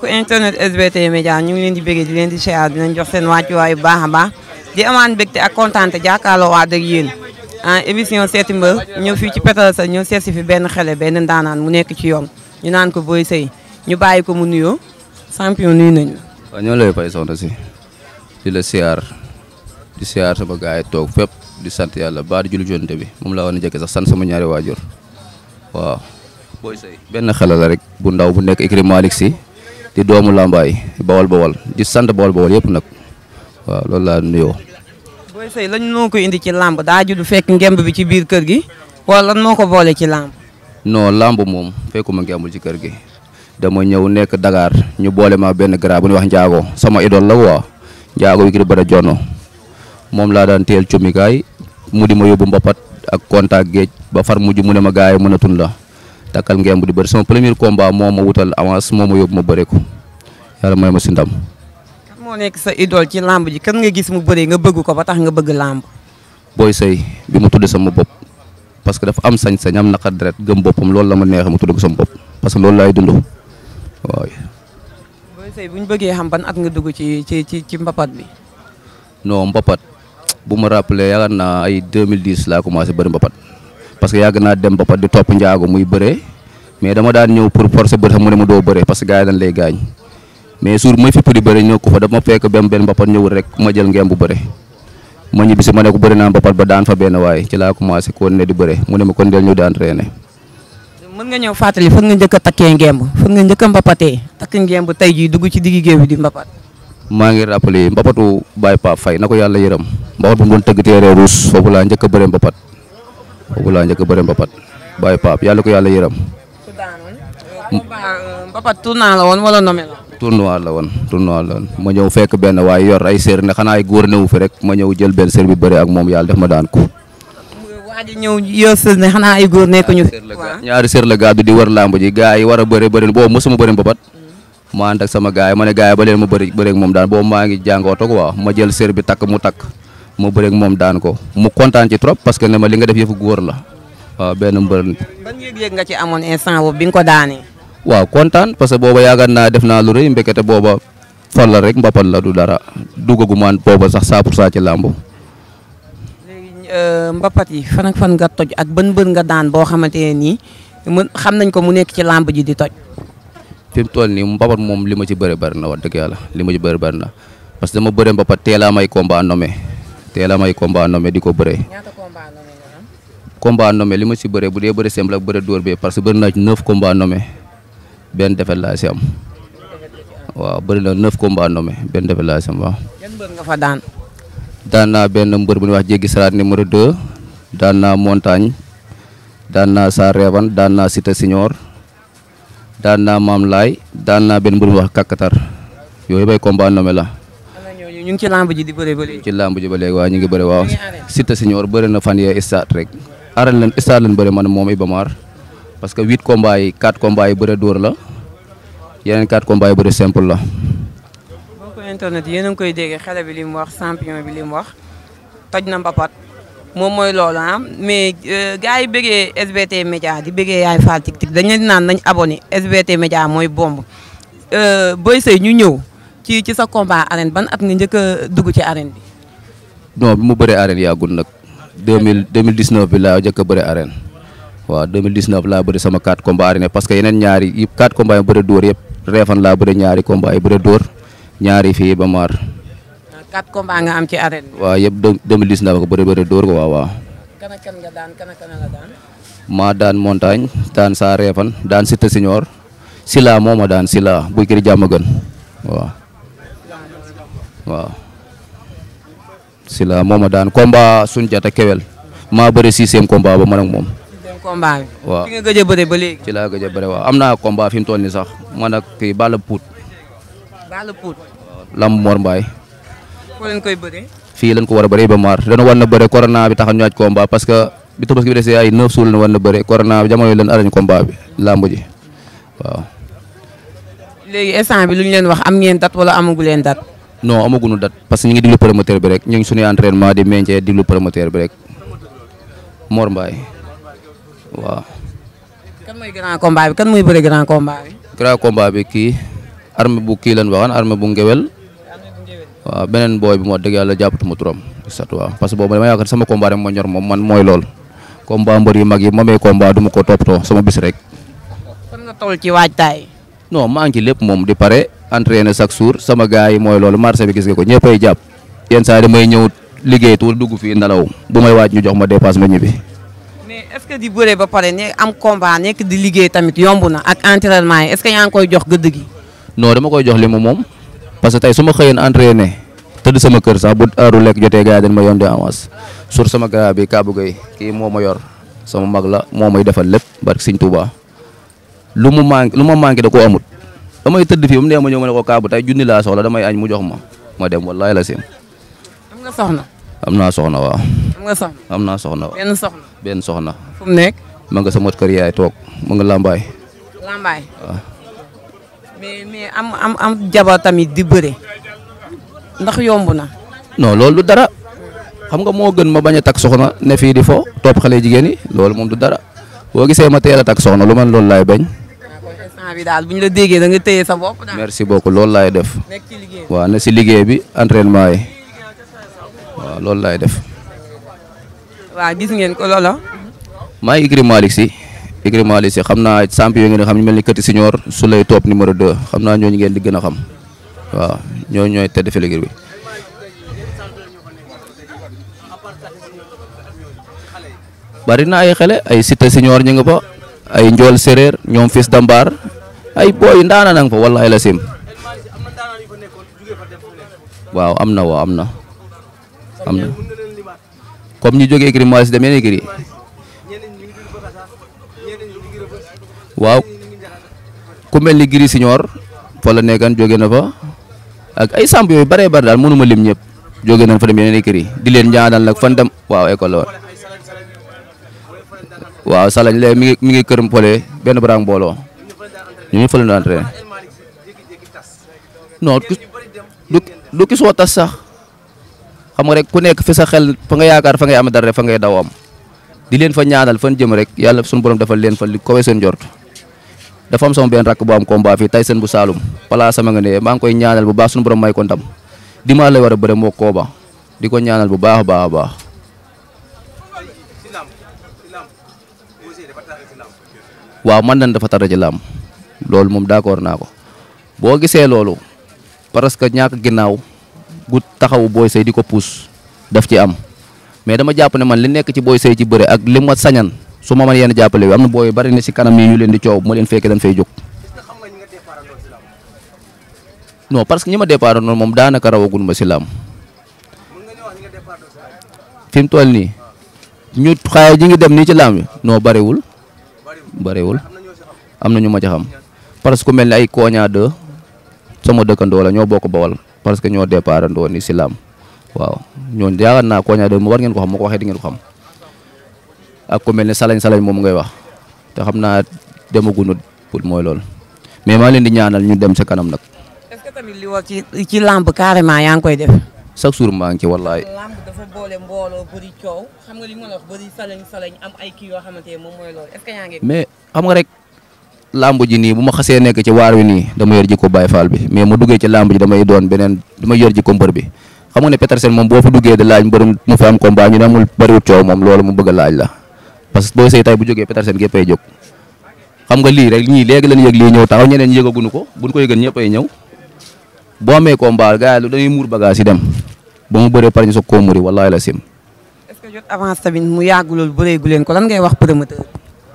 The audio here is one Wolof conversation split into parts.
mbokk internet SBT Média ñu ngi leen di bëggee di leen di siyaar dinañ jox seen wàccuwaay bu baax a baax di amaan bégte ak kontaan jàkkaarloo waa dëgg yéen ah émission seeti mbër ñëw fii ci Petersen sa ñëw seet si fi benn xale benn ndaanaan mu nekk ci yoon ñu naan ko Boy say ñu bàyyi ko mu nuyoo champion nuyu nañu la. waaw ñoo lay fay soxna si di la siyaar di siyaar sama gaay toog fépp di sant yàlla ba di julli jonte bi moom laa war a jëkke sax sant sama ñaari waajur waaw. Boy Seye benn xale rek bu ndaw bu nekk écurie di doomu Lambaay bawal bawal di sant bawal bawal yépp nag waaw loolu laa nuyoo. Boy Seye lañ moo ko indi ci làmb daa judd fekk ngemb bi ci biir kër gi wala lan moo ko boole ci làmb. non làmb moom fekkuma ngembul ci kër gi dama ñëw nekk Dakar ñu boole ma benn grand bu ñuy wax Njaago sama idole la waa Njaago yi kii ba jono moom laa daan teel comikaay mu di ma yóbbu mbapat ak contact géej ba far mujj mu ne ma gars yi mënatun la takkal ngemb di bëri sama premier combat ma wutal ko yàlla may ma si ndam. kan moo nekk sa idole ci làmb ji kan nga gis mu bëree nga bëgg ko ba tax nga bëgg làmb. booy sëy bi mu tudd sama bopp parce que dafa am sañ-sañ am naqar deret gëm boppam loolu la ma neexee mu tudd sama bopp parce que loolu laay dund waaw. booy sëy bu ñu bëggee xam ban nga dugg ci ci ci ci mbapat bi. non mbapat bu ma rappelé yaakaar naa ay 2010 laa commencé bëri mbapat parce que yàgg naa dem mbapat di topp njaago muy bëree mais dama daan ñëw pour forcer bëri xam mu ne mu doo bëree parce que gars yi dañ lay gaañ. mais suur may fipp di bëri ñëw ko fa dama fekk benn benn mbapat ñëwul rek ma jël ngeen bu bëri ma ñibbisi ma ne ko bëri naa mbapat ba daan fa benn waaye ci laa commencé kon ne di bëri mu ne ma kon del di entraîné mën nga ñëw fàttali fan nga njëkk a takkee ngemb fan nga njëkk a takk ngemb tey jii dugg ci diggi géew bi di mbapat maa ngi rappelé mbapatu Baye Pape fay na ko yàlla yërëm mbapat bu mu doon tëgg teeree ruus laa njëkk a bëre mbapat foofu laa njëkk a bëre mbapat Baye Pape yàlla ko yàlla yërëm la woon wala nomé tournoi la woon tournoi la woon ma ñëw fekk benn waaye yor ay sér ne xanaa ay góor newu fi rek ma ñëw jël benn sér bi bëri moom yàlla def ma daan ko. waa ji ñëw yor sér ne xanaa ay góor nekkuñu la gàddu war làmb ji gars yi war a bëri bëri boobu mosuma ma ànd ak ma ne gars ba leen moom daan boobu maa ngi jàngooto quoi ma jël sér bi takk mu takk ma bëri moom daan ko mu kontaan ci trop parce que ne ma li nga def yëfu góor la waaw benn mbër. nga ci amoon instant boobu bi nga ko daanee waaw kontaan parce que booba yaakaar naa def naa lu rëy mbekete booba fal la rek mbapat la du dara dugagumaan booba sax 100 pour cent ci làmb. Euh, mbapat yi fan fan nga toj ak bën bën nga daan boo xamante ne nii mu xam nañ ko mu nekk ci làmb ji di toj. fi mu toll nii mbapat moom li ma ci bëri bëri na wax dëgg yàlla li ma ci bëri bëri na parce que dama bëre mbapat teel a may combat nommé teel a may di ko bëree. ñaata combat nommé nga am. combat bu dee bëri simple ak bëri dóor bi parce que bëri naa ci 9 benn defet laa si am waaw bëri na neuf benn defet laa si waaw. daan. daan naa benn mbër bu ñuy wax jéggi saraat numéro 2 daan naa montagne daan naa saa reeban daan naa cité signor daan naa maam laay daan naa benn mbër bu ñuy wax kakkatar yooyu bay combat la. ñu ngi ci lamb ji di bëre ba léegi. ci ngi bëre waaw. cité signor bëri na fan yee stade rek. aral leen stade leen bëre man moom Ibamar. parce que huit combats yi quatre combats yi bëre la yeneen quatre combats yi bëre simple la. boo ko a ngi koy dégg xale bi mu wax champion bi li mu wax toj na bapat moom mooy loolu ah mais euh, gars yi bëggee SBT Média di bëggee yaay Fall Tik Tik dañu naan nañ abonné SBT Média mooy bomb euh, Boy Seye ñu ñëw ci ci sa combat arène ban at nga njëkk dugg ci arène bi. non bi mu bëree arène yàggul nag deux mille deux mille dix-neuf bi laa njëkk a bëree arène. waaw 2019 laa bëri sama 4 combats arène parce que yeneen ñaari yëpp 4 combats yi bëri reefan laa bëri ñaari combats yi bëri ñaari fii ba maar. 4 ah, combats nga am ci arène. waaw yëpp ko bëri maa daan montagne daan saa reefan daan cité signor sila moo ma daan sila buy kër jàmm gën waaw. waaw. sila moo daan combat suñu jata maa bëri sixième combat ba man moom. combat bi. waaw gëj a bëre ba léegi. laa a bëre am naa combat fi mu toll sax man a kii Balla Pout. Balla Pout. Lamb Mor Mbaye. foo fii lañ ko war a bëree ba maar dañu war na bëre corona bi tax ñu waaj que bi tabaski bi desee ay neuf bi jamono yi lañ arañ combat bi lamb bi lu ñu leen wax am ngeen date wala amagu leen date. non amaguñu date parce que ñu ngi diglu promoteur bi rek ñu ngi suñuy entraînement di meññee diglu promoteur bi rek Mor Mbaye. waaw. kan mooy grand combat bi grand combat bu kii lan waxoon armée bu ngewel waaw beneen booy bi moo dëgg yàlla jàppatuma turam sat waaw parce que boobu dama yaakaar sama combat man mooy lool combat mbër yu mag yi moomee combat du ma ko sama bis rek. fan nga ci waajtaay. lépp moom di pare entraîné chaque jour sama gars yi mooy loolu marché bi gis nga ko ñëppay jàpp. yenn saa yi damay ñëw liggéey tuuti dugg fii nelaw bu may waaj ñu jox ma dépasse ma ñibbi. mais est-ce que di bëre ba pare ne am combat nekk di liggéey tamit yomb na ak entraînement yi est-ce que yaa ngi koy jox gëdd gi. non dama koy jox li ma moom parce que tey su ma xëyoon entraîné tëdd sama kër sax bu heure lekk jotee gars yi ma yónnee avance sur sama gars bi Kaabu Gueye kii moo ma la moo may defal lépp barke Sëñ Tuubaa lu mu manqué lu ma manqué da koo amut damay tëdd fii ba mu ma ñëw ma ne ko Kaabu tey junni laa soxla damay añ mu jox ma ma dem wallaahi la sim. am nga soxna. am am naa soxna waaw. benn benn soxna. fu mu nekk. ma nga sa kër yaay toog mën nga Lambaay. Lambaay waaw. mais mais am jabar tamit di bëre ndax yomb na. non lool du dara xam nga moo gën ma bañ a takk soxna ne fii di fo topp xale jigéen yi loolu moom du dara boo gisee ma teel a takk soxna lu man loolu laay bañ. instant daal bu ñu la déggee da nga téye sa bopp merci beaucoup loolu laay def. nekk waaw ne si liggéey bi entraînement yi waaw loolu laay def. waaw gis ngeen ko loola. maa ngi Ikri Malick si Ikri Malick si xam na champion ngeen xam ñu mel ni Kati Senior su lay topp numéro xam naa ñooñu ngeen di gën a xam waaw ñooñu ñooy tedd filigir bi. bari na ay xale ay Cité Senior ñu nga fa ay Njool Séréer ñoom Fils Dambar ay booy ndaana nang fa wallaay la sim waaw am na waaw am na am na comme ñu jógee écurie Malick si dem yeneen écurie waaw ku mel ni Giri Signor fa la nekkan jóge na fa ak ay samp yooyu bare bare daal mënuma lim ñëpp jóge nañ fa dem yeneen écurie di leen ñaanal nag fan dem waaw école waaw Salañ léegi mi ngi mi kër Mpole benn baraang mbooloo ñu ñu fa la ñu entraîné non du du ki tas sax. xam nga rek ku nekk fi sa xel fa nga yaakaar fa ngay am dara fa ngay daw am di leen fa ñaanal fan jëm rek yàlla suñu borom defal leen fa li kowe seen jort dafa am sama benn rakk bu am combat fii tay seen bu Saalum pala sama nga maa ngi koy ñaanal bu baax suñu borom may ko di maa la war a bëre moo kooba di ko ñaanal bu baax a baax a baax waaw man nan dafa tara ci làmb loolu moom d'accord naa ko boo gisee loolu parce que ñàkk ginnaaw gu taxawu booy Seye di ko puus daf ci am mais dama jàpp ne man li nekk ci booy Seye ci bëre ak li ma sañan su ma mën yenn jàppale bi am na booy bari na si kanam nii ñu leen di coow ma leen fekkee fay jóg. parce que ñi ma départ noonu moom daanaka rawagun ma si laam fi mu nii ñu xaay ji ngi dem nii ci laam yi non bariwul bariwul am na ñu ma ca xam parce que mel ni ay Koña 2 sama dëkkandoo la ñoo bokk bawal parce que ñoo départ andoo ni si laam waaw ñooñu yaakaar naa Kogne Addo war ngeen ko xam moo ko waxee di ngeen ko xam ak ku mel ne salañ salañ moom ngay wax te xam naa demaguñu pour mooy lool mais maa leen di ñaanal ñu dem sa kanam nag. est-ce ci ci làmb carrément yaa ngi koy def. chaque jour maa ngi ci wallaay. làmb dafa ma mais xam nga rek làmb ji nii bu ma xasee nekk ci waar wi nii dama yor jikko Baye Fall bi mais ma duggee ci làmb ji damay doon beneen damay yor jikko mbër bi xam nga ne Petersen moom boo fa duggee di laaj mu fi am a laaj ko buñ ko yëgën ñëpp dañuy muur bagage yi dem ba mu bëree pare ñu soog koo muri wallaahi la sim. mu yàgg loolu bëreegu leen ko lan ngay wax promoteur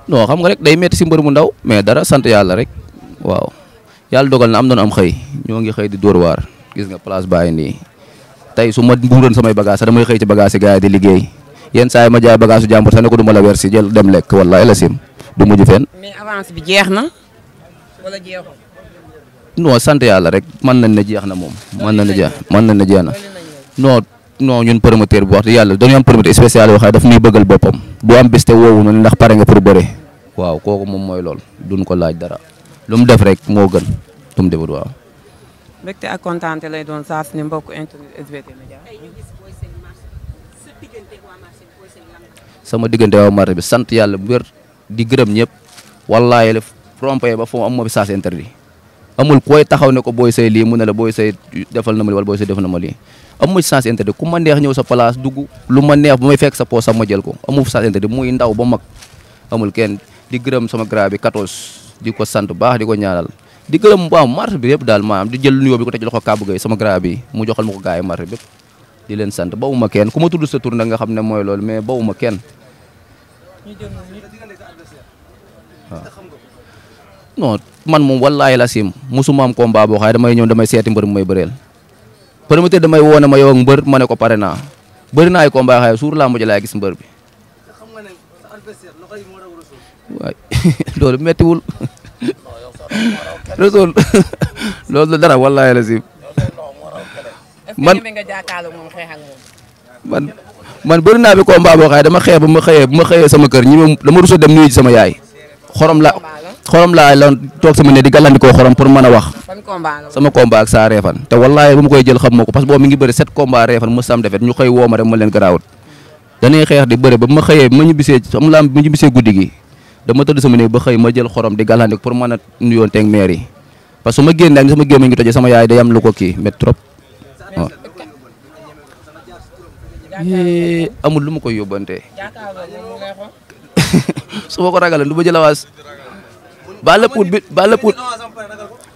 non xam nga rek day metti si mbër mu ndaw mais dara sant yàlla rek waaw yàlla dogal na am nañu am xëy ñoo ngi xëy di dóor waar gis nga place bàyyi nii tey su ma buuroon samay bagage sax damay xëy ci bagage yi gars yi di liggéey yenn saa yi ma jaay bagage su jàmbur sax ne ko du ma la weer si jël dem lekk wallaahi la sim du mujj fenn. mais avance bi jeex na no sant yàlla rek mën nañ ne jeex na moom. mën na ne jeex mën nañ ne jeex na non ñun promoteur bu wax dëgg yàlla dañu am promoteur spécial yoo xam ne daf ñuy bëggal boppam du am bés te woowu noonu ndax pare nga pour bëre waaw kooku moom mooy lool duñ ko laaj dara lu mu def rek moo gën lu mu defut waaw. mbégte ak kontaante lay doon saa su ne sama diggante waa marché bi sant yàlla bu wér di gërëm ñëpp wallaahi la rompé ba foo am moo bi saas interdit. amul koy taxaw ne ko booy say lii mu ne la booy say defal na ma lii wala booy say defal na ma lii amul sens interdit ku ma neex ñëw sa place dugg lu ma neex bu may fekk sa poos sax ma jël ko amul sens interdit muy ndaw ba mag amul kenn di gërëm sama grand bi 14 di ko sant baax di ko ñaanal di gërëm waaw marché bi yëpp daal maanaam di jël nuyoo bi ko teg loxo Kaabu Gueye sama grand bi mu joxal ma ko gars yi marché bi di leen sant bawuma kenn ku ma tudd sa tur nag nga xam ne mooy loolu mais bawuma kenn waaw man moom wallaahi la sim musuma am combat xaye damay ñëw damay seeti mbër mu may ma ne ko pare naa naa ay combat xaye suur laa mujj laay gis mbër bi waay loolu méttiwul boo xaye dama xëye ba ma xëyee ba ma xëyee sama kër ñi dama rusa dem nuyu sama yaay xorom la xorom laa la toog sama ne di gàllandikoo xorom pour mën a wax sama combat ak saa reefan te wallaahi ba mu koy jël xam moo ko parce boobu mi ngi bëri sept combat reefan mu sam defet ñu xëy woo rek ma leen garaawut danay xeex di bëri ba ma xëyee ma ma ñu guddi gi dama tëdd sama ne ba xëy ma jël xorom di gàllandiko pour mën a nuyoon teeg maire yi ma génn ak sama gémmiñ ngi tojee sama yaay day am lu ko kii met trop waaw lu ma koy yóbbante Balla Pout bi Balla Pout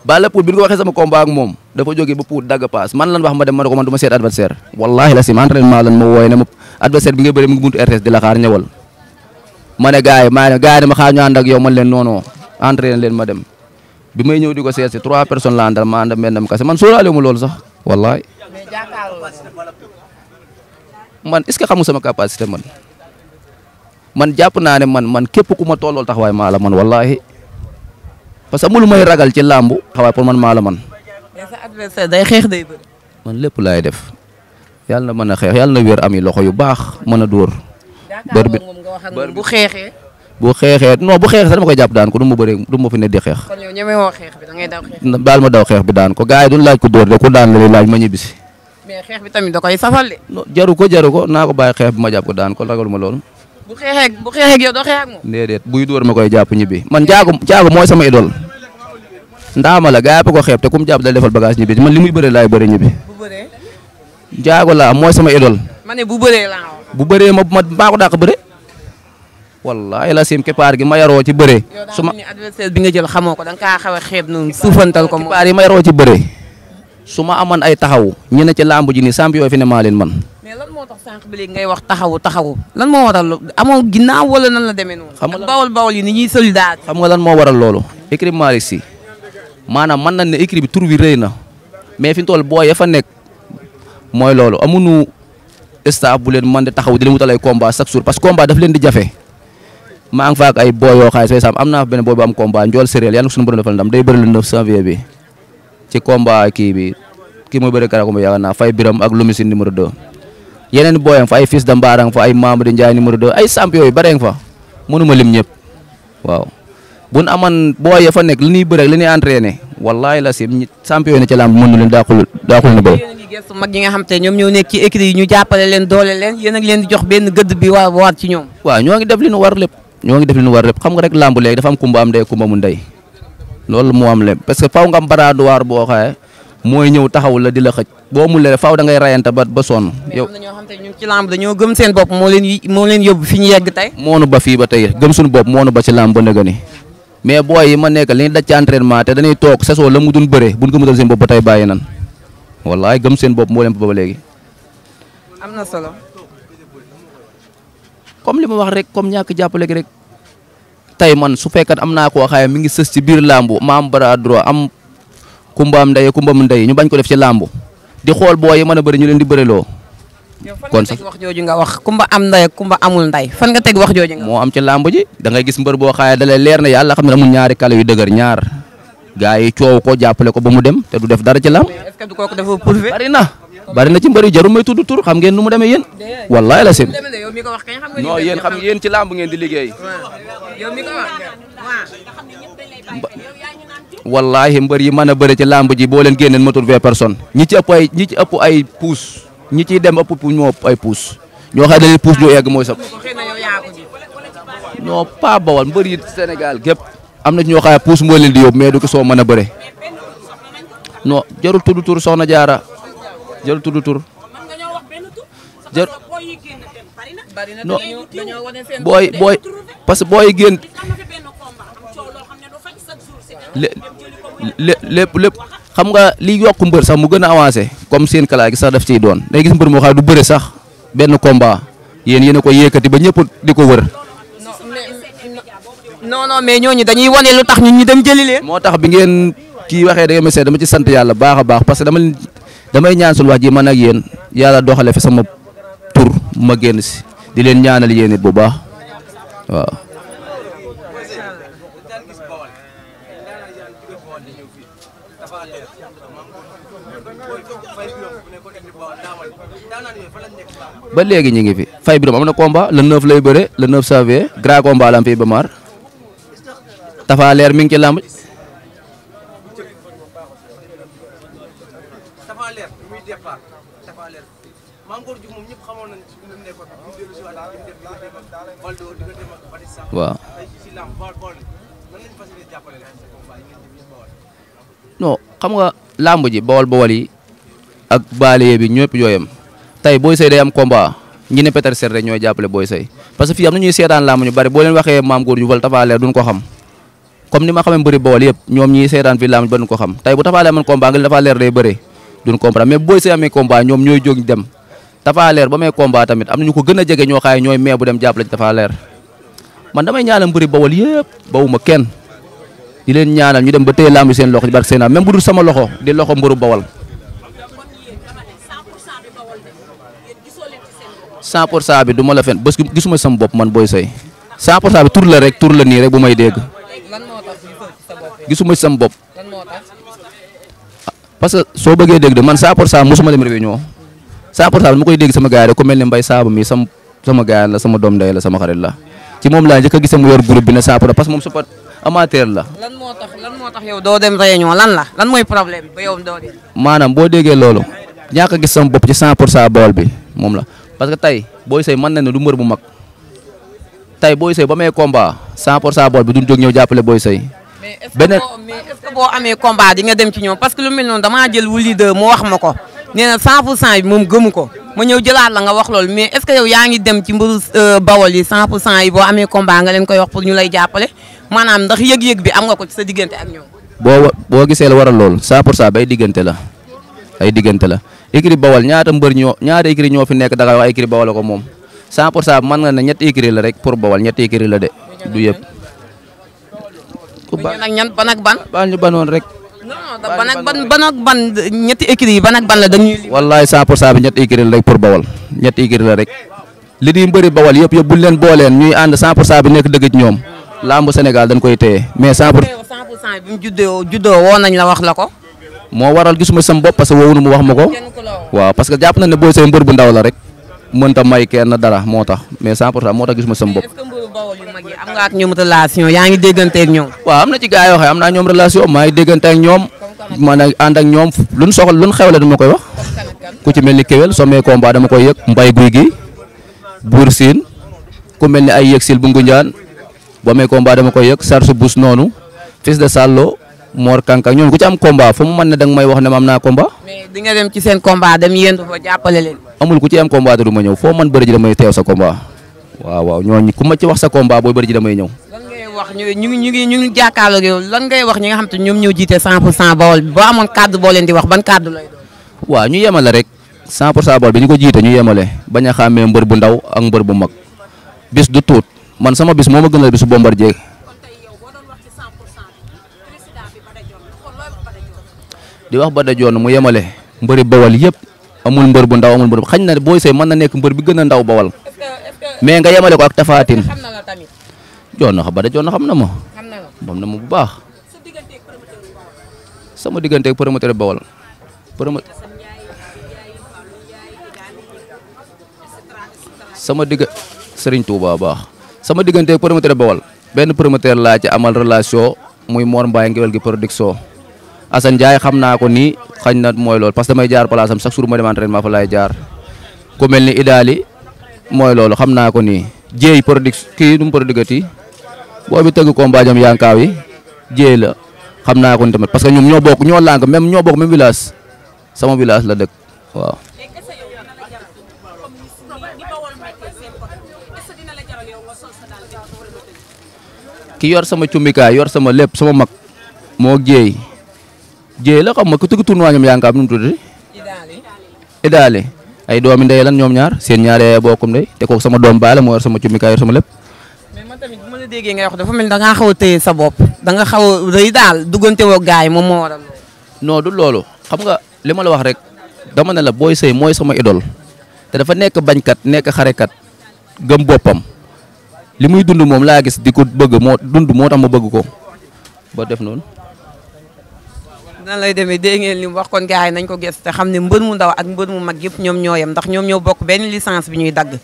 Balla Pout bi nga waxee sama combat ak moom dafa jógee ba Pout dagg paas man lan wax ma dem man du ma seet adversaire wallahi la sim entraînement lan ma wooye ne ma adversaire bi nga mu ngi buntu RTS di la xaar ñëwal ma ne gars yi maa ne ma xaar ñu ànd ak yow man leen noonoo entraîné leen ma dem bi may ñëw di ko seet si trois personnes la àndal ma àndal mennam kase man sóoraale ma loolu sax wallahi man est-ce que sama capacité man man jàpp naa ne man man képp ku ma tollool taxawaay maa la man parce que amul may ragal ci làmb xawaay pour man maa la man day xeex day man lépp laay def yàlla na mën a xeex yàlla na wér am i loxo yu baax mën a dóor bër bi bu xeexee bu xeexee non bu xeexee sax dama koy jàpp daan ko du ma bëree du ma fi ne di ma daw xeex bi daan ko gars yi duñ ko dóor de ku daan laaj ma ñibbisi mais bi tamit da koy safal de jaru ko jaru ko naa ko bàyyi xeex bi ma jàpp ko daan ko ragaluma loolu bu xeexeeg bu xeexeeg yow buy dóor ma koy jàpp ñibbi man jaagu jaagu mooy sama idol ndaama la gaa yëpp ko xeeb te kum jàpp dal defal bagage ñibbi man li muy bëre laay bëre ñibbi. bu bëree. jaagu laa mooy sama idol. ma bu bare laa bu bëree ma ma maa ko dàq bëre. wallaahi la sim keppaar gi ma yaroo ci bëre. su ma adversaire bi nga jël xamoo ko da nga kaa xaw suufantal ko. keppaar yi ma ci bëre. su amoon ay taxaw ñu ne ci làmb ji nii samp yooyu fi ne maa leen man mais lan moo tax sànq bi ngay wax taxawu taxawu lan moo waral amoo ginnaaw wala nan la demee noonu. xam nga bawol bawol yi ni ñuy solidaire. xam nga moo waral loolu. écrit Malick Sy maanaam mën nañ ne écrit bi tur bi rëy na mais fi mu toll booy ya fa nekk mooy loolu amuñu staff bu leen mën di taxaw di leen wutal ay combat chaque daf leen di jafe. maa ngi faak ay booy yoo xaalis am naa fa benn booy bu am combat njool séréel yàlla na ko suñu borom defal ndam day bëri le 9 janvier bi ci combat kii bi kii mooy bëri karakomba yaakaar naa fay biram ak lumisin numéro 2 yeneen booyang fa ay fils de mbaarang fa ay Mamadou Ndiaye numéro 2 ay samp yooyu bareeng fa mënuma lim ñëpp waaw bu nu booy ya fa nekk li ñuy bëre li wallahi la si samp yooyu ne ci làmb mën na leen daaxul daaxul na bëri gestu mag ñi nga xam te ñoom ñoo nekk ci écrit yi ñu jàppale leen doole leen yéen leen di jox benn gëdd bi waa war ci ñoom waaw ñoo def li war lépp ñoo ngi def war lépp xam nga rek lamb léegi dafa am kumba am ndey kumba mu am lépp parce que faw mooy ñëw taxaw la di la xëj boo mulee faaw da ngay rayante ba ba sonn. yow mais am ci làmb dañoo gëm seen bopp moo leen moo leen yóbbu fi ñu yegg tey. moonu ba fii ba tey gëm suñu bopp moonu ba ci làmb ba nëgë ni mais booy ma nekk li ñu daj ci entraînement te dañuy la mu dun bëree buñ gëmutal seen bopp ba tey bàyyi nan wallaay gëm seen bopp moo leen ba am na solo. comme li ma wax comme ñàkk jàppale rek tey man su fekkat am naa koo xaye mi ngi sës ci biir làmbu ma am bras am kumba am ndey kumba mu ndey ñu bañ ko def ci làmb di xool booy yi mën a bëri ñu leen di bëriloo. kon sax wax jooju nga wax kumba am ndey kumba amul nday fan nga teg wax jooju nga. moo am ci lamb ji da ngay gis mbër boo xaayee da leer na la xam ne amul ñaari kale yu dëgër ñaar gaa yi coow ko jàppale ko ba mu dem te du def dara ci làmb. est-ce que du bari na bari na ci mbër yi may tudd tur xam ngeen nu mu demee yéen. wallaahi la seen. non yéen xam yéen ci làmb ngeen di liggéey. wallahi mbër yi mën a bëri ci làmb ji boo leen génneen matul vingt personnes ñi ci ëpp ay ñi puus ñi ciy dem ëpp ñoo ay puus ñoo xam ne puus ñu egg mooy sa non pas bawal mbër yi Sénégal gépp am na ci ñoo xam puus moo leen di yóbbu mais du ko soo mën a bëre non jarul tudd tur soxna jaara jarul tudd tur jar non booy booy parce que booy génn lépp lépp xam nga liy yokk mbër sax mu gën a avancé comme seen kalaa gi sax def ciy doon day gis mbër moo xam du bëre sax benn combat yéen yéen a ko yëkkati ba ñëpp di ko wër. non non mais ñooñu dañuy wane lu tax ñun ñu dem jëli moo tax bi ngeen kii waxee da ngeen ma seet dama ci sant yàlla baax a baax parce que dama damay ñaan sul wax ji man ak yéen yàlla doxale fi sama tur ma génn si di leen ñaanal yéen bu baax waaw. ba léegi ñu ngi fi fay birom am na combat le 9 lay bëre le 9 janvier grand combat la am ba maar Tapha Leer mi ngi waaw xam nga làmb ji bawol bawol yi ak baaliye bi ñëpp yooyam tey Boy Seye day am combat ne Peter Serre ñooy jàppale Boy parce que fii am na ñuy seetaan làmb ñu bari boo leen waxee maam góor yu wal tafaleer duñ ko xam comme ni ma xamee mbëri bawol yëpp ñoom ñiy seetaan fii làmb ba duñ ko xam tey bu tafaleer man combat nga tafaleer ba may combat tamit am na ñu ko gën a jege ñoo xaay ñooy mee bu dem jàppale ci tafaleer man damay ñaanal mbëri bawol yëpp bawuma kenn di leen ñaanal ñu dem ba téye lamb seen loxo ci barke seen même bu dul sama loxo di loxo mbëru bawal. 100 ma la bopp man Boy Seye 100 pour cent la rek tur la nii rek bu may dégg gisuma sama bopp parce que soo bëggee dégg de man 100 pour cent mosuma dem réunion 100 pour cent bi ma ku mel ne Mbaye Saabu mi sama sama gars la sama doom ndey la sama xarit la ci moom laa njëkk a gis mu yor groupe bi ne 100 pour parce que moom amateur la. lan moo tax lan moo doo dem réunion lan la lan mooy problème ba yow doo dem. maanaam boo déggee loolu ñàkk a gis sama bopp ci 100 pour cent bi moom la parce que tey boo Seye mën na ne du mbër bu mag tey boo Seye ba ma combat 100 pour bi duñ jóg ñëw jàppale Boy Seye. beneen mais est-ce que boo amee combat di nga dem ci ñoom parce que lu mel noonu damaa jël wu leader mu wax ma ko nee na 100 pour cent yi moom gëmu ko ma ñëw jëlaat la nga wax loolu mais est-ce que yow yaa ngi dem ci mbëru euh, bawol yi 100 pour cent yi boo amee combat nga leen koy wax pour ñu lay jàppale. maanaam ndax yëg-yëg bi am nga ko ci sa diggante ak ñoom. boo boo gisee la waral lool 100 pour cent ay diggante la ay diggante la écurie Bawol ñaata mbër ñoo ñaata écurie ñoo fi nekk da nga wax écurie ko moom 100 pour cent mën nga ñetti écurie la rek pour Bawol ñetti écurie la de du yëpp. ku ba nag ñan ban ak ban. rek. non ban ak ban ban ñetti écurie yi ban ban la dañuy. wallaay 100 pour cent bi ñetti écurie pour Bawol ñetti écurie la rek. li di mbëri Bawol yëpp yëpp buñ leen booleen ñuy ànd 100 pour cent nekk dëgg ci ñoom. lambu Sénégal dañ koy téye mais 100 pour 100 pour nañ la wax la ko. moo waral gisuma sam bopp parce que woowunu mu wax ma ko. waaw parce que jàpp na ne boo say mbër bu ndaw la rek mënta may kenn dara moo tax mais 100 pour cent moo tax gisuma sam bopp. am nga ak ñoom relation yaa ngi déggante ak ñoom. waaw am na ci gars yoo xam am naa ñoom relation maa déggante ak ñoom man ànd ak ñoom luñ soxla luñ xewle dama koy wax ku ci mel ni kéwél sommee combat dama koy yëg mbay guy gi buur siin ku mel ni ay yëg sil bu ngunjaan bu amee combat dama koy yëg sarsu bus noonu fils de Sallo Mor Kanka ñoom ku ci am combat fu mu mën ne danga may wax ne ma am naa combat. mais di nga dem ci seen combat dem yëndu fa jàppale leen. amul ku ci am combat te du ma ñëw foo man bëri ji damay teew sa combat waaw waaw ku ma ci wax sa combat booy bëri ji damay ñëw. lan ngay ñu ñu ñu ngi ñu ngi jàkkaarloog lan ngay wax ñi nga xam te ñoom ñoo jiite 100 pour 100 Bawol boo amoon kàddu boo leen di wax ban kàddu lay waa ñu yemale rek 100 pour 100 bi ñu ko jiite ñu yemale bañ a xàmmee mbër bu ndaw ak mbër bu mag bis du tuut man sama bis moo ma gënal bisu Bombardier di wax Bada joon mu yemale mbëri bawal yëpp amul mbër bu ndaw amul mbër bu xañ na Boy Seye mën na nekk mbër bu gën a ndaw bawal mais nga yemale ko ak Tapha joon na xam Bada Dione xam na ma xam na ma bu baax sama digganteeg promoteur bawal promoteur sama digg Serigne Touba baax sama diggante promoteur Bawol benn promoteur laa ci amal relation muy Mor Mbaye ngewel gi production Assane Ndiaye xam naa ko nii xañ na mooy lool parce que damay jaar place am chaque jour ma dem entraînement fa laay jaar ku ni Idaali mooy lool xam naa ko nii jéey production kii nu mu producteur boobu tëgg combat jam yankaaw yi la xam naa ko ni tamit parce que ñoom ñoo bokk ñoo lànk même ñoo bokk même village sama village la dëkk ki yor sama cumbikaay yor sama lépp sama mag moo jéey jéey la xam nga ku tëgg tournoi ñoom yaa ngi am nu mu tudd. Idaali ay doomi ndey lan ñoom ñaar seen ñaar yaay bokkum ndey te kooku sama doom baale moo yor sama cumbikaay yor sama lépp. mais dafa mel da ngaa xaw a sa bopp da xaw a rëy daal duggante woo gaay yi moom moo waral. non du loolu xam nga li ma la wax rek dama ne la booy sëy mooy sama idol te dafa nekk bañkat nekk xarekat gëm boppam. li muy dund moom laa gis di ko bëgg moo dund moo tax ma bëgg ko ba def noonu. nan lay demee dégg ngeen li mu wax kon gars nañ ko gis xam ne mbër mu ndaw ak mbër mu mag yëpp ñoom ñoo yem ndax ñoom ñoo bokk benn licence bi ñuy dagg.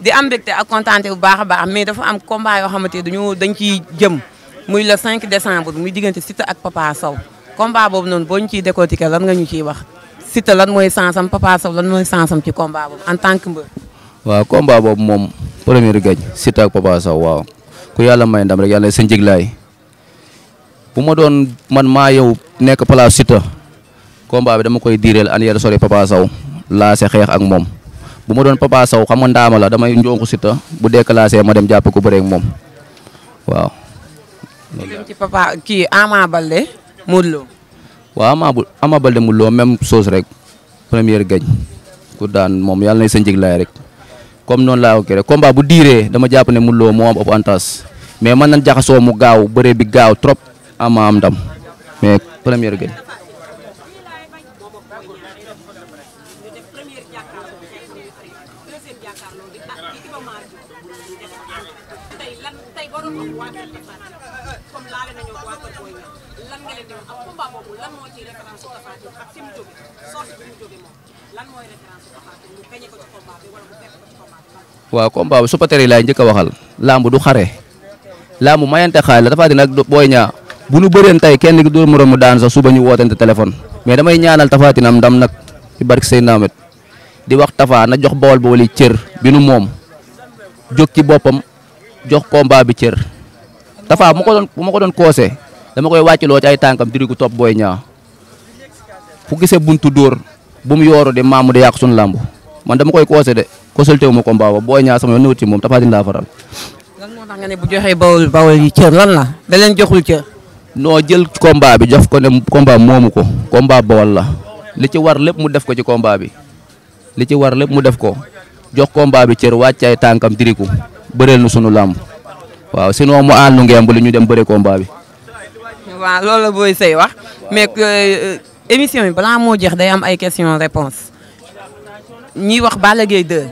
di am mbégte ak kontaante bu baax a baax mais dafa am combat yoo xamante dañu dañ ciy jëm muy le 5 décembre muy diggante Siteu ak Papa Sow combat boobu noonu boo ñu ciy décortiquer lan nga ñu ciy wax Siteu lan mooy sansam Papa lan mooy sansam ci combat en tant que waaw combat boobu moom premier gaj Siteu ak Papa Sow waaw ku yàlla may ndam rek yàlla sa njëglaay bu ma doon man maa yow nekk place Siteu combat bi dama koy diireel an yar sori Papa saw laase xeex ak moom bu ma doon Papa saw xam nga ndaama la damay njonku Siteu bu déclassé ma dem jàpp ko bëreeg moom waaw. dem ci Papa kii Ama Baldé rek première gaj ku daan moom yàlla na sa njëglaay rek. comme noonu laa ko kii rek combat bu diiree dama jàpp ne Modou Lo moo am mais man na jaxasoo mu gaaw bëre bi gaaw trop ama am ndam mais première gën waaw combat bi supporter yi lay njëkk a waxal làmb du xare làmb mayante xaar la Tapha Tine nag Boy ñaa bu nu bëreen tey kenn gi dóor moroom mu daan sax suba ñu wootante téléphone mais damay ñaanal Tapha Tine nam ndam nag ci barke Seydina Ahmed di wax Tapha na jox bawol booli cër bi nu moom jóg boppam jox combat bi cër Tapha bu ma ko doon bu ma ko doon koosee dama koy wàccaloo ci ay tànkam dirigu topp Boy Niang fu gisee buntu dóor bu mu yooru de maamu de yàq làmb consulté wu ma combat ba Boy Niang sama yoon ñëwut ci moom Tapha faral. bu joxee bawol bawol yi cër lan la da leen joxul cër. non jël combat bi jox ko ne combat moomu ko combat bawol la li ci war lépp mu def ko ci combat bi li ci war lépp mu def ko jox combat bi cër wàccaay tànkam diriku bëreel nu sunu làmb waaw sinon mu àndu ngemb li ñu dem bëre combat bi. waaw loolu booy say wax mais euh, émission yi balaa moo jeex day am ay questions réponses ñiy wax Balla Gaye 2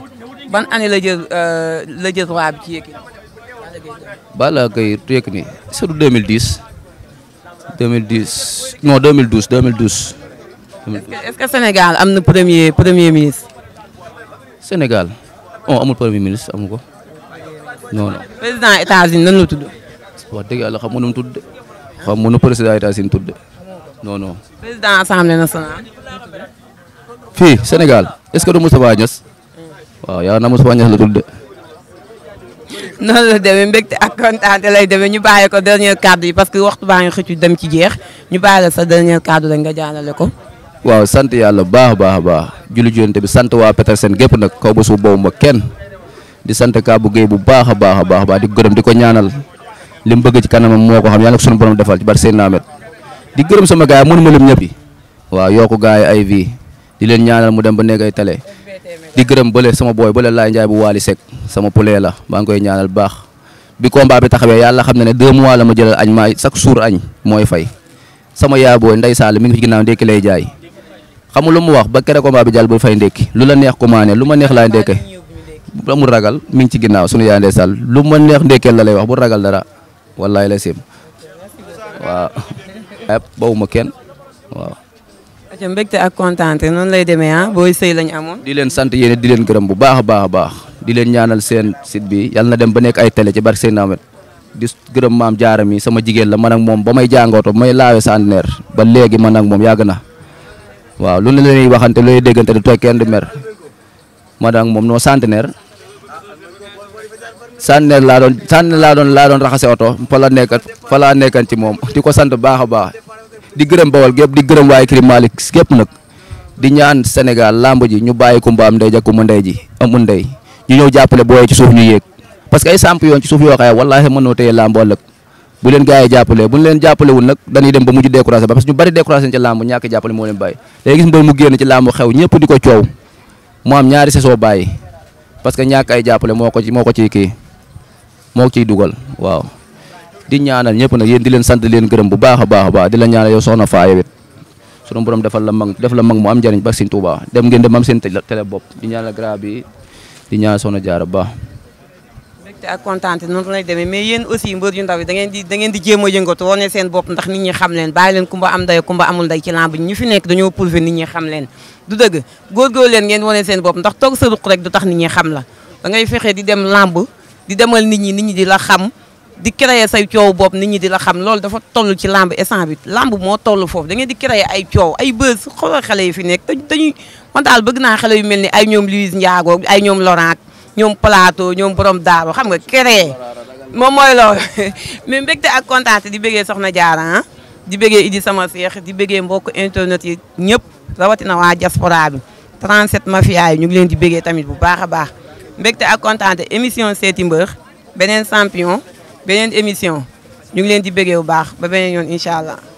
ban année la jël euh, la jël roi bi ci Yékini. Balla Gaye Yékini c'est du non 2012 2012. 2012 est-ce que Sénégal am na premier premier ministre. Sénégal on oh, amul premier ministre amu ko non non. président États-Unis nan la tudd. wax dëgg yàlla xam nga nu mu tudd xam nga nu président États-Unis tudd non non. président assemblée nationale. fii Sénégal est que du Moustapha waaw yow na Moustapha Niass la tudd. noonu la demee mbégte ak kontaante lay demee ñu bàyyi ko dernier kaddu yi parce que waxtu baa ngi xëccu dem ci jeex ñu bàyyi la sa dernier kaddu rek nga jaanale ko. waaw sant yàlla baax a baax a baax julli jonte bi sant waa seen gépp nag kaw ba suuf ba ma kenn di sant kaar bu Gueye bu baax a baax a baax di gërëm di ko ñaanal li mu ci kanamam moo ko xam yàlla ko suñu borom defal ci bar seen naamet di gërëm sama gaay yi mënuma lim ñëpp. waaw yokku gaay ay vi di leen ñaanal mu dem ba nekk ay tale di gërëm bële sama booy bële laay njaay bu waali sek sama poulet la ma ngi koy ñaanal baax bi combat bi taxawee yàlla xam na ne deux mois la ma jëlal añ maa chaque jour añ mooy fay sama yaay booy ndey saal mi ngi fi ginnaaw ndékki lay jaay xamul lu mu wax ba kere combat bi jàll bu fay ndekki lu la neex commandé lu ma neex laay ndékke mu ragal mi ngi ci ginnaaw sunu yaay ndey saal lu ma neex ndékkeel la lay wax bu ragal dara wallaay la sim waaw bawuma kenn waaw aca mbégte ak kontaante noonu lay demee ah booy sëy lañ amoon di leen sant yéen di leen gërëm bu baax a baax a baax di leen ñaanal seen sit bi yàlla na dem ba nekk ay télé ci barke Seydina Ahmed di gërëm maam jaaram yi sama jigéen la man ak moom ba may jàngooto ba may laawe centenaire ba léegi man ak moom yàgg na waaw lu ne la waxante lu ñuy déggante du toog kenn du mer man moom noo centenaire centenaire laa doon laa doon laa doon raxase oto fa la nekkat laa nekkan ci moom di ko sant baax a baax di gërëm bawal gépp di gërëm waaye kiri Malick gépp nag di ñaan Sénégal lamb ji ñu bàyyi ko mbaam ndey jakku mu ndey ji amul ndey ñu ñëw jàppale booyee ci suuf ñu yéeg parce que ay samp yoon ci suuf yoo xaye wallaahi mënoo téye lamb ëllëg bu leen gars yi jàppalee bu leen jàppalewul nag dañuy dem ba mujj découragé ba parce que ñu bari découragé ci lamb ñàkk jàppale moo leen bàyyi léegi gis mbër mu génn ci lamb xew ñëpp di ko coow mu am ñaari saison bàyyi parce que ñàkk ay jàppale moo ko moo ko ciy kii moo ko ciy dugal di ñaanal ñëpp nag yéen di leen sant di leen gërëm bu baax a baax a baax di la ñaanal yow soxna Faa yowit sunu borom defal la mag def am njëriñ ba Sëñ Tuubaa dem ngeen dem am seen télé bopp di ñaanal da ngeen di di jéem a yëngatu wane seen bopp ndax nit ñi xam leen bàyyi leen kumba amul fi nekk dañoo prouver nit ñi xam leen du dëgg góorgóor leen ngeen wane seen bopp ndax toog sa ruq rek du tax nit ñi xam la da ngay fexe di dem lamb di demal nit ñi ni ñi di la xam di créer say coow bop nit ñi di la xam loolu dafa toll ci lamb instant bi lamb moo toll foofu da ngeen di créer ay coow ay bës xoolal xale yi fi nekk dañuy man daal bëgg naa xale yu mel ni ay ñoom Louise Ndiago ay ñoom Laurent ñoom Plateau ñoom borom Daaro xam nga créer moom mooy loolu mais mbégte ak kontaante di bëggee Soxna Diarra di bëggee Idi sama seex di bëggee mbokk internet yi ñëpp rawatina waa diaspora bi 37 mafia yi ñu ngi leen di bëggee tamit bu baax a baax mbégte ak kontaante émission seeti mbër beneen champion beneen émission ñu ngi leen di bëggee bu baax ba beneen yoon incha allah.